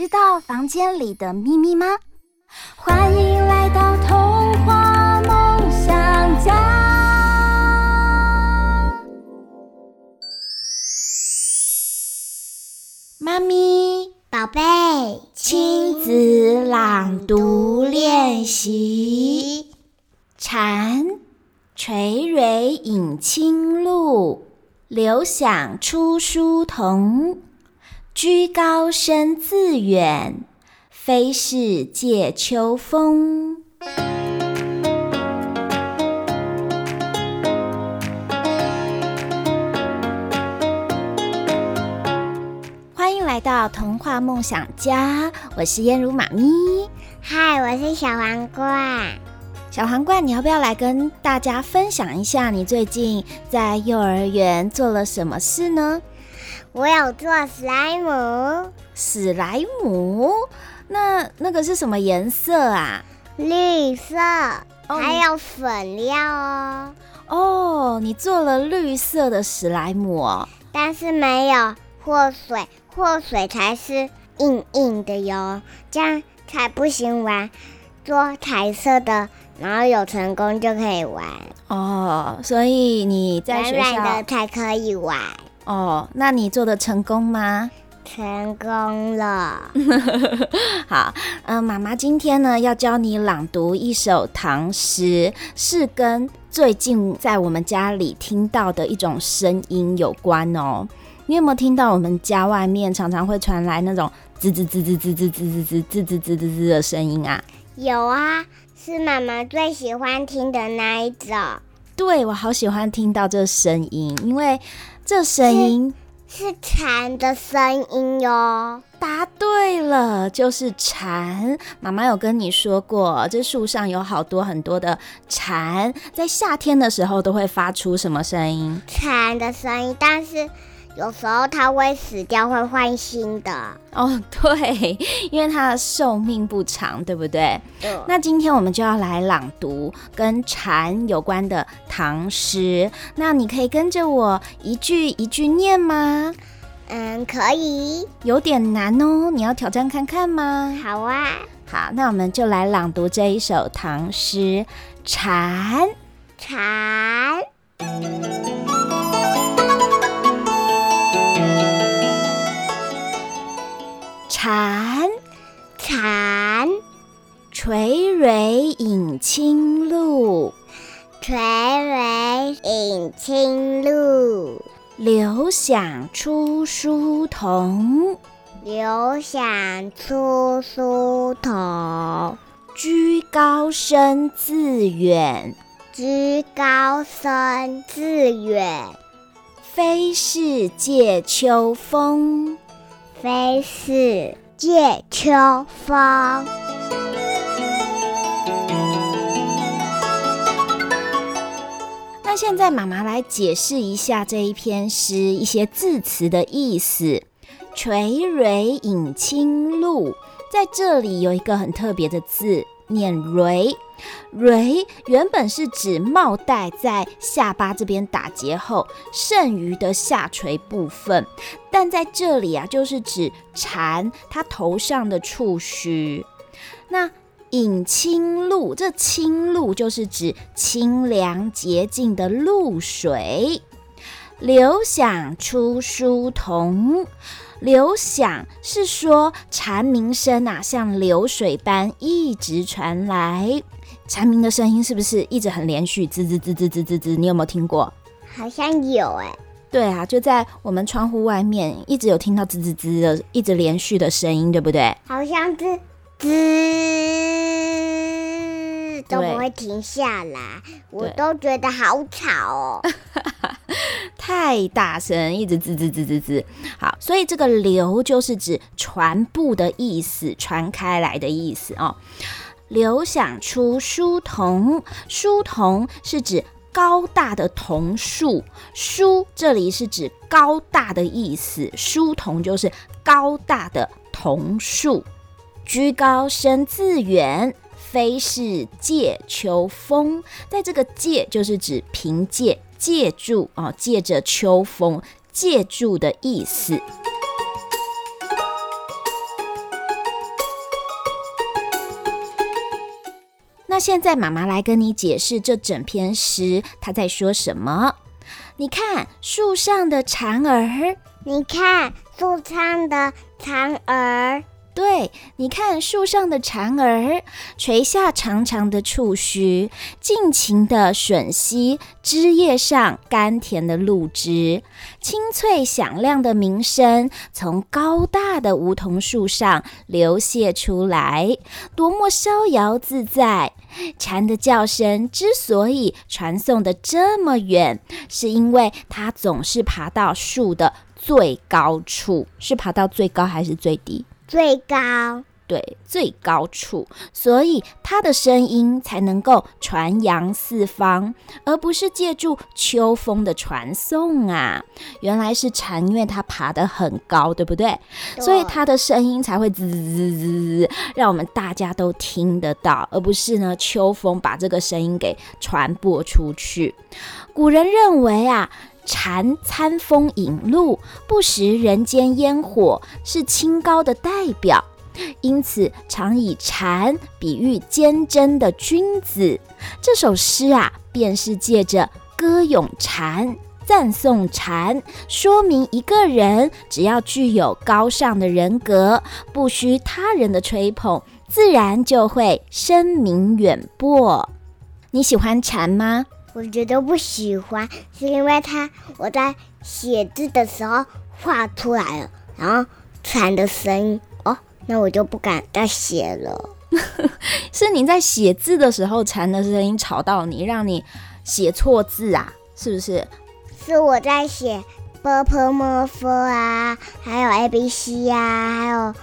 知道房間裡的秘密嗎？歡迎來到童話夢想家。媽咪，寶貝，親，親子朗讀練習。蟬垂緌飲清露，流響出疏桐。居高聲自遠，非是藉秋風。歡迎來到童話夢想家，我是彥如媽咪。嗨，我是小皇冠。小皇冠，你要不要來跟大家分享一下你最近在幼兒園做了什麼事呢？我有做史萊姆，史萊姆，那那個是什麼顏色啊？綠色，哦，還有粉料哦。哦，你做了綠色的史萊姆哦，但是沒有或水或水才是硬硬的喲，這樣才不行玩。做彩色的，然後有成功就可以玩哦。所以你在學校軟軟的才可以玩。哦，那你做的成功嗎？成功了。好，嗯，媽媽今天呢要教你朗讀一首唐詩，是跟最近在我們家裡聽到的一種聲音有關哦。你有沒有聽到我們家外面常常會傳來那種吱吱吱吱吱吱吱吱吱吱吱吱的聲音啊？有啊，是媽媽最喜歡聽的那一種。對，我好喜歡聽到這聲音，因為這聲音是蟬的聲音喲。答對了，就是蟬。媽媽有跟你說過，這樹上有好多很多的蟬，在夏天的時候都會發出什麼聲音？蟬的聲音，但是。有時候它會死掉，會換新的哦。對，因為它的壽命不長，對不對？嗯。那今天我們就要來朗讀跟蟬有關的唐詩。那你可以跟着我一句一句念嗎？嗯，可以。有點難哦，你要挑戰看看嗎？好啊。好，那我們就來朗讀這一首唐詩《蟬》。蟬。蟬，蟬，垂緌飲清露，垂緌飲清露。流響出疏桐，流響出疏桐。居高聲自遠，居高聲自遠。非是藉秋風。非是藉秋風。那現在媽媽來解釋一下這一篇詩一些字詞的意思。垂緌飲清露，在這裡有一個很特別的字。念“緌”，“緌”原本是指帽帶在下巴這邊打結後剩餘的下垂部分，但在這裡啊，就是指蟬它頭上的觸鬚。那“飲清露”，這“清露”就是指清涼潔淨的露水。流響出疏桐，流響是說蟬鳴聲啊，像流水般一直傳來。蟬鳴的聲音是不是一直很連續？吱吱吱吱吱吱吱，你有沒有聽過？好像有哎、欸。對啊，就在我們窗戶外面，一直有聽到吱吱吱的一直連續的聲音，對不對？好像吱吱。嗯都不會停下來，對我都覺得好吵哦， 太大聲，一直吱吱吱吱吱。好，所以這個“流”就是指傳布的意思，傳開來的意思哦。流響出疏桐，疏桐是指高大的桐樹，疏這裡是指高大的意思，疏桐就是高大的桐樹，居高聲自遠。非是借秋風，但這個借就是指憑借、借助哦，借着秋風，借助的意思。 那現在媽媽來跟你解釋這整篇詩，她在說什麼？你看樹上的蟬兒，你看樹上的蟬兒。對，你看樹上的蟬兒垂下長長的觸鬚，盡情的吮吸枝葉上甘甜的露汁，清脆響亮的鳴聲從高大的梧桐樹上流瀉出來，多麼逍遙自在！蟬的叫聲之所以傳送得這麼遠，是因為它總是爬到樹的最高處，是爬到最高還是最低？最高，對，最高處，所以它的聲音才能夠傳揚四方，而不是借助秋風的傳送啊。原來是蟬院，它爬得很高，對不對？對，所以它的聲音才會滋滋滋，讓我們大家都聽得到，而不是呢秋風把這個聲音給傳播出去。古人認為啊。蟬餐風飲露，不食人間煙火，是清高的代表，因此常以蟬比喻堅貞的君子。這首詩啊，便是借着歌詠蟬，讚頌蟬，說明一個人只要具有高尚的人格，不需他人的吹捧，自然就會聲名遠播。你喜歡蟬嗎？我覺得不喜歡，是因為它我在寫字的時候畫出來了，然後蟬的聲音哦，那我就不敢再寫了。 是你在寫字的時候蟬的聲音吵到你，讓你寫錯字啊？是不是？是我在寫 ㄅㄆㄇㄈ 啊，還有 A、B、C 呀、啊，還有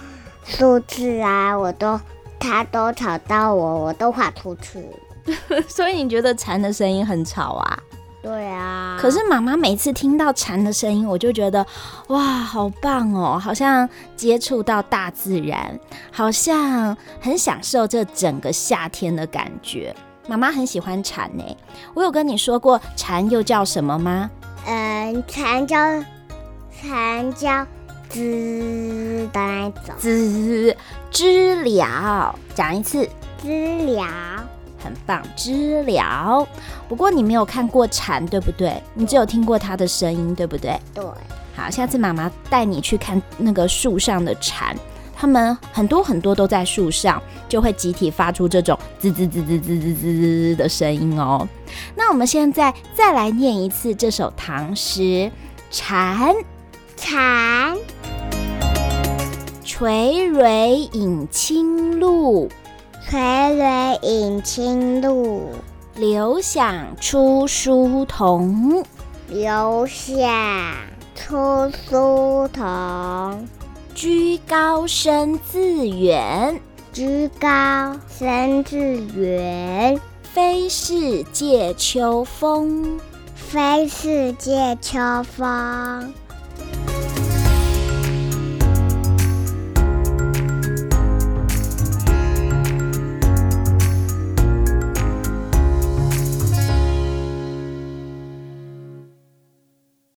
數字啊，我都他都吵到我，我都畫出去。 所以你覺得蟬的聲音很吵啊？對啊。可是媽媽每次聽到蟬的聲音，我就覺得，哇，好棒哦，好像接觸到大自然，好像很享受這整個夏天的感覺。媽媽很喜歡蟬呢。我有跟你說過蟬又叫什麼嗎？嗯，蟬叫蟬叫知的那種知知了，講一次知了。很棒，知了。不過你沒有看過蟬，對不對？你只有聽過它的聲音，對不對？對。好，下次媽媽帶你去看那個樹上的蟬，它們很多很多都在樹上，就會集體發出這種“滋滋滋滋滋滋滋”的聲音哦。那我們現在再來念一次這首唐詩：蟬，蟬，垂緌飲清露。垂緌飲清露，流響出疏桐。流響出疏桐，居高聲自遠。居高聲自遠，自遠非是藉秋風。非是藉秋風。